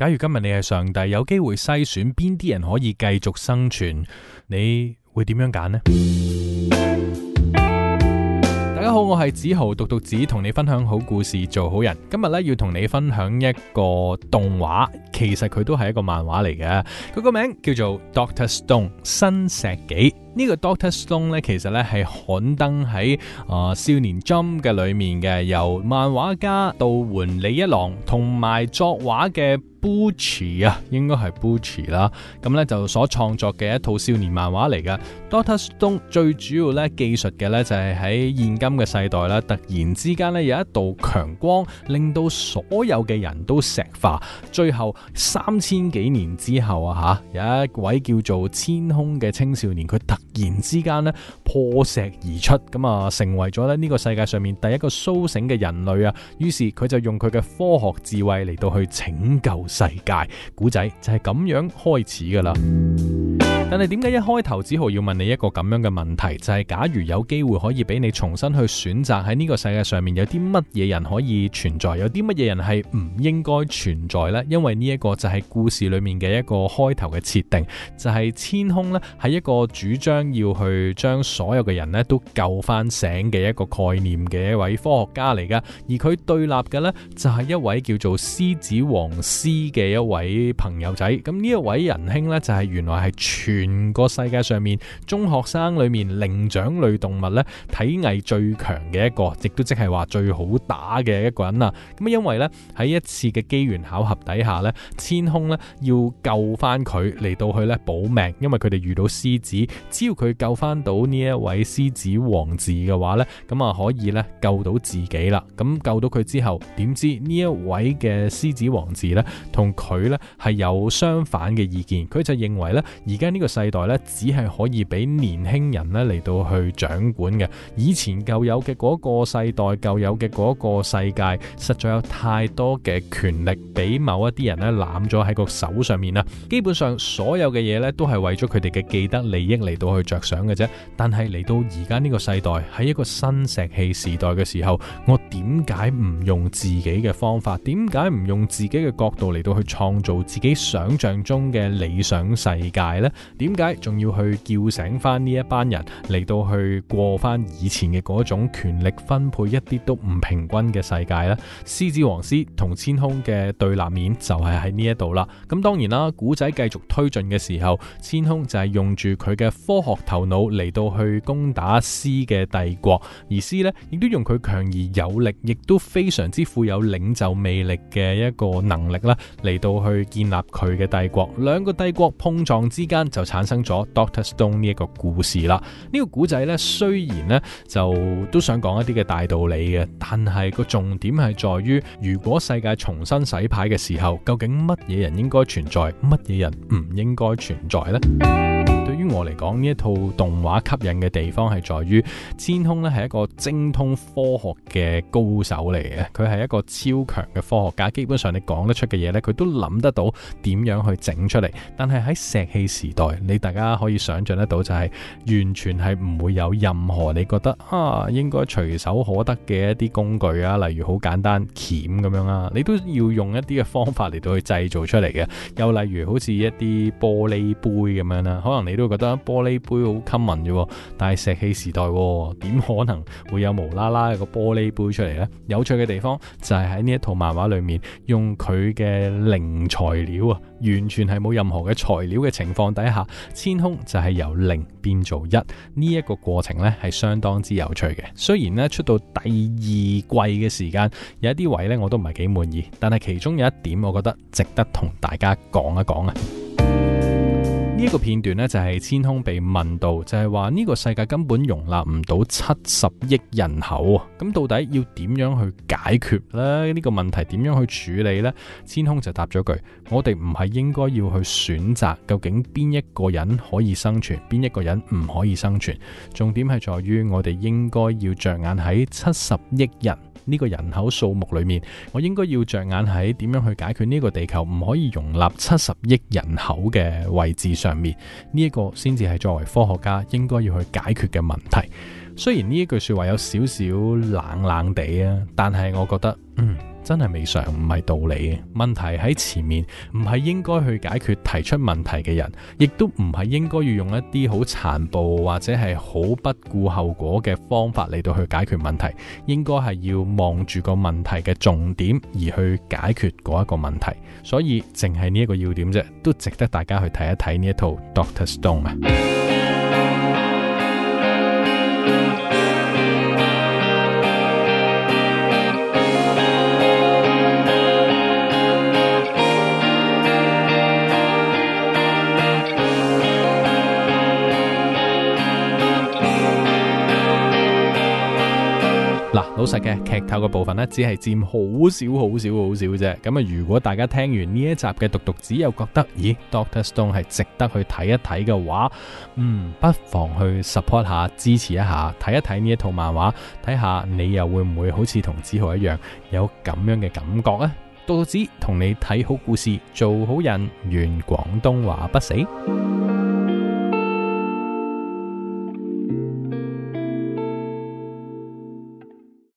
假如今日你係上帝，有機會篩選邊啲人可以繼續生存，你會點樣揀呢？ 大家好，我係子豪，讀讀子同你分享好故事，做好人。今日咧，要同你分享一個動畫，其實佢都係一個漫畫嚟嘅。佢個名叫做 Doctor Stone 新石紀，這個。呢個 Doctor Stone 咧，其實咧係刊登喺啊、呃、少年 Jump 嘅裏面嘅，由漫畫家稻垣理一郎同埋作畫嘅。Boichi 啊，ucci，應該係 Boichi 啦。咁咧就所創作嘅一套少年漫畫嚟嘅。Dr. Stone 最主要咧技術嘅咧就係喺現今嘅世代啦，突然之間咧有一道強光，令到所有嘅人都石化。最後三千幾年之後啊吓，有一位叫做千空嘅青少年，佢突然之間咧破石而出，咁啊成為咗咧呢個世界上面第一個甦醒嘅人類啊。於是佢就用佢嘅科學智慧嚟到去拯救。世界古仔就係咁樣開始㗎啦。但係點解一開頭梓豪要問你一個咁樣嘅問題？就係、是、假如有機會可以俾你重新去選擇喺呢個世界上面有啲乜嘢人可以存在，有啲乜嘢人係唔應該存在呢？因為呢一個就係故事裏面嘅一個開頭嘅設定，就係、是、千空呢係一個主張要去將所有嘅人呢都救返醒嘅一個概念嘅一位科學家嚟㗎，而佢對立嘅呢，就係、是、一位叫做獅子王獅嘅一位朋友仔。咁呢一位仁兄呢，就係、是、原來係全全個世界上面中學生裏面靈長類動物咧體藝最強嘅一個，亦都即係話最好打嘅一個人啦。咁因為咧喺一次嘅機緣巧合底下咧，千空咧要救翻佢嚟到去咧保命，因為佢哋遇到獅子，只要佢救翻到呢一位獅子王子嘅話咧，咁就可以咧救到自己啦。咁救到佢之後，點知呢一位嘅獅子王子咧同佢咧係有相反嘅意見，佢就認為咧而家呢個。世代咧，只係可以俾年輕人咧嚟到去掌管嘅。以前舊有嘅嗰個世代，舊有嘅嗰個世界，實在有太多嘅權力俾某一啲人咧攬咗喺個手上面啦。基本上所有嘅嘢咧，都係為咗佢哋嘅既得利益嚟到去着想嘅啫。但係嚟到而家呢個世代，喺一個新石器時代嘅時候，我點解唔用自己嘅方法？點解唔用自己嘅角度嚟到去創造自己想象中嘅理想世界呢？點解仲要去叫醒翻呢一班人嚟到去過翻以前嘅嗰種權力分配一啲都唔平均嘅世界呢？獅子王獅同千空嘅對立面就係喺呢一度啦。咁當然啦，古仔繼續推進嘅時候，千空就係用住佢嘅科學頭腦嚟到去攻打獅嘅帝國，而獅呢亦都用佢強而有力，亦都非常之富有領袖魅力嘅一個能力啦，嚟到去建立佢嘅帝國。兩個帝國碰撞之間就產生咗 Doctor Stone 呢一個故事啦，呢個古仔呢，雖然呢就都想講一啲嘅大道理嘅，但係個重點係在於，如果世界重新洗牌嘅時候，究竟乜嘢人應該存在，乜嘢人唔應該存在呢？我嚟講呢一套動畫吸引嘅地方係在於，千空咧係一個精通科學嘅高手嚟嘅，佢係一個超強嘅科學家，基本上你講得出嘅嘢咧，佢都諗得到點樣去整出嚟。但係喺石器時代，你大家可以想象得到就係完全係唔會有任何你覺得啊應該隨手可得嘅一啲工具啊，例如好簡單鉗咁樣啦，你都要用一啲嘅方法嚟到去製造出嚟嘅。又例如好似一啲玻璃杯咁樣啦，可能你都覺玻璃杯好 common 啫，但係石器時代點可能會有無啦啦一個玻璃杯出嚟呢？有趣嘅地方就係喺呢一套漫畫裏面，用佢嘅零材料啊，完全係冇任何嘅材料嘅情況底下，千空就係由零變做一。呢一個過程呢係相當之有趣嘅。雖然呢出到第二季嘅時間，有一啲位呢我都唔係幾滿意，但係其中有一點我覺得值得同大家講一講啊。呢個片段呢，就係千空被問到，就係話呢個世界根本容納唔到七十億人口啊！咁到底要點樣去解決呢？呢個問題點樣去處理呢？千空就答咗句，我哋唔係應該要去選擇究竟邊一個人可以生存，邊一個人唔可以生存。重點係在於我哋應該要着眼喺七十億人。呢個人口數目裏面，我應該要着眼喺點樣去解決呢個地球唔可以容納七十億人口嘅位置上面，呢一個先至係作為科學家應該要去解決嘅問題。雖然呢一句說話有少少冷冷地啊，但係我覺得嗯。真係未嘗唔係道理嘅。問題喺前面，唔係應該去解決提出問題嘅人，亦都唔係應該要用一啲好殘暴或者係好不顧後果嘅方法嚟到去解決問題。應該係要望住個問題嘅重點而去解決嗰一個問題。所以淨係呢一個要點啫，都值得大家去睇一睇呢一套 Doctor Stone 啊。嗱，老實嘅劇透嘅部分呢只係佔好少、好少、好少啫。咁啊，如果大家聽完呢一集嘅獨讀子又覺得，咦，Doctor Stone 係值得去睇一睇嘅話，嗯，不妨去 support 下，支持一下，睇一睇呢一套漫畫，睇下你又會唔會好似同梓豪一樣有咁樣嘅感覺呢？獨讀子同你睇好故事，做好人，願廣東話不死。